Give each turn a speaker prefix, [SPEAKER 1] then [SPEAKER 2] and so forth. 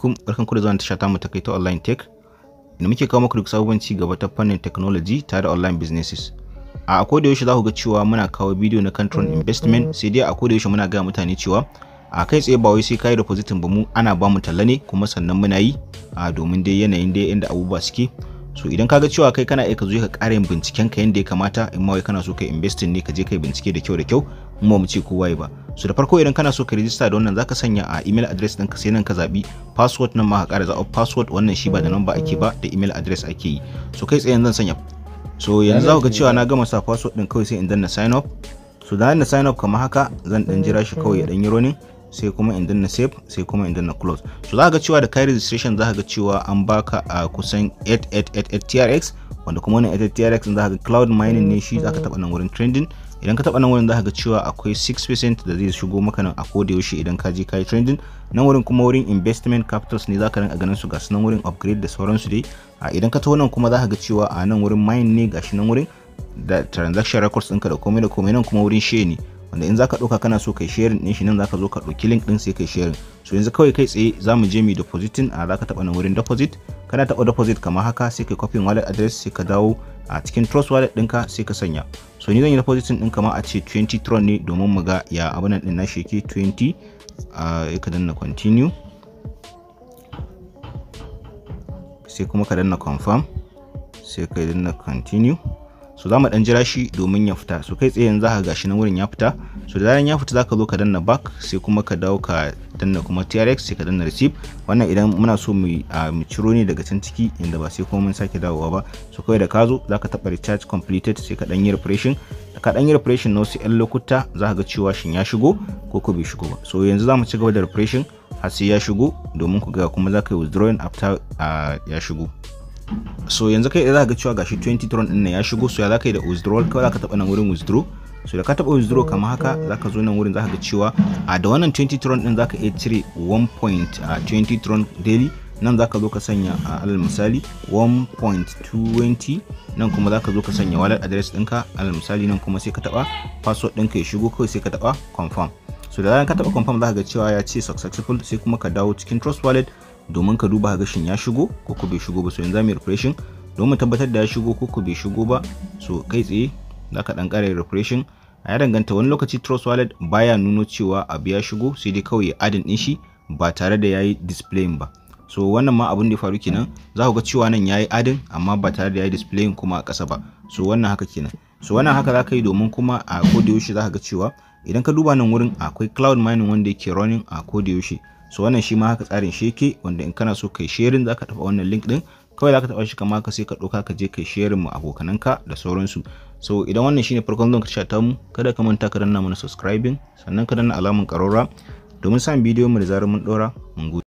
[SPEAKER 1] alaikum barkan ku da zuwa tasha tamu takaito online tech inda muke kawo muku duk sabon ci gaba ta fannin technology tare da online businesses a akwai da yaushe za ku ga cewa muna kawo bidiyo na control investment sai dai a da yaushe muna ga mutane cewa a kai tsaye ba wai sai kai depositin ba mu ana ba mu talla ne kuma sannan muna yi a domin dai yanayin dai inda abubuwa suke so idan ka ga cewa kai kana aika zo ka ƙara yin binciken ka yanda ya kamata in ma wai kana so kai investing ne ka je kai bincike da kyau da kyau mu mu ce kowaye ba so da farko idan kana so ka register da wannan zaka sanya a email address ɗinka sai nan ka zabi password nan ma ka kara zaɓar password wannan shi ba da number ake ba da email address ake yi so kai tsaye zan sanya so yanzu za ku ga cewa na gama sa password ɗin kawai sai in danna sign up so da na sign up kamar haka zan dan jira shi kawai ya dan yi running sai kuma in danna save sai kuma in danna close so za ga cewa da kai registration za ga cewa an baka a ah, kusan 8888 trx wanda kuma wannan 8888 trx za ga cloud mining ne shi za ka taba nan wurin trending idan ka taba nan wurin zaka ga cewa akwai 6% da zai shigo maka nan a koda yaushe idan ka je kai trending nan wurin kuma wurin investment capitals ne zaka ranka ganin su ga nan wurin upgrade da sauransu dai idan ka taho nan kuma zaka ga cewa a nan wurin mine ne gashi nan wurin da transaction records ɗinka da komai da komai nan kuma wurin share ne wanda in zaka ɗauka kana so kai sharing ɗin shi nan zaka zo ka ɗauki link ɗin sai kai sharing so yanzu kawai kai tsaye za mu je mu depositin a zaka taɓa nan wurin deposit kana taɓa deposit kamar haka sai kai copy wallet address sai ka dawo a cikin trust wallet ɗinka sai ka sanya so ni zan yi depositin ɗin kamar a ce 20 tron ne domin mu ga ya abin nan ɗin na shi 20 a ka danna continue sai kuma ka danna confirm sai ka danna continue so za mu dan jira shi domin ya fita so kai tsaye yanzu ka gashi nan wurin ya fita so da zaran ya fita zaka zo ka danna back sai kuma ka dawo ka danna kuma TRX sai ka danna receive wannan idan muna so mu mu ciro ne daga can ciki inda ba sai kuma mun sake dawowa ba so kawai da ka zo zaka taba recharge completed sai ka dan yi refreshing da ka dan yi refreshing na wasu yan lokuta zaka ga cewa shin ya shigo ko ko bai shigo ba so yanzu za mu ci gaba da refreshing har sai ya shigo domin ku ga kuma zaka yi withdrawing after ya shigo so yanzu kai za ka ga cewa gashi 20 tron din ya shigo so ya za ka yi da withdrawal kawai za ka taɓa nan wurin withdraw so da ka taɓa withdraw kamar haka za ka zo nan wurin za ka ga cewa a da wannan 20 tron din za ka iya cire 1.20 tron daily nan za ka zo ka sanya a alal misali 1.20 nan kuma za ka zo ka sanya wallet address ɗinka alal misali nan kuma sai ka taɓa password ɗinka ya shigo kawai sai ka taɓa confirm so da zaran ka taɓa confirm za ka ga cewa ya ce successful sai kuma ka dawo cikin trust wallet domin ka duba ga shin ya shigo ko ko bai shigo ba so yanzu mai refreshing domin tabbatar da ya shigo ko ko bai shigo ba so kai tsaye ka dan kare refreshing a ya danganta wani lokaci trust wallet baya nuno cewa abu ya shigo sai dai kawai adin din shi ba tare da yayi display ba so wannan ma abin da ya faru kenan za ku ga cewa nan yayi adin amma ba tare da yayi display kuma a kasa ba so wannan haka kenan so wannan haka za ka yi domin kuma a kodiyoshi yaushe za ka ga cewa idan ka duba nan wurin akwai cloud mining wanda yake running a kodiyoshi yaushe so wannan shi ma haka tsarin shi yake wanda in kana so kai sharing zaka tafi wannan link din kawai zaka taba shi kamar haka sai ka ɗauka ka je kai sharing mu abokananka da sauransu so idan wannan shine farkon zan karshe ta mu kada ka manta ka danna mana subscribing sannan ka danna alamun karora domin samun bidiyon mu da zarar mun ɗora mun gudu.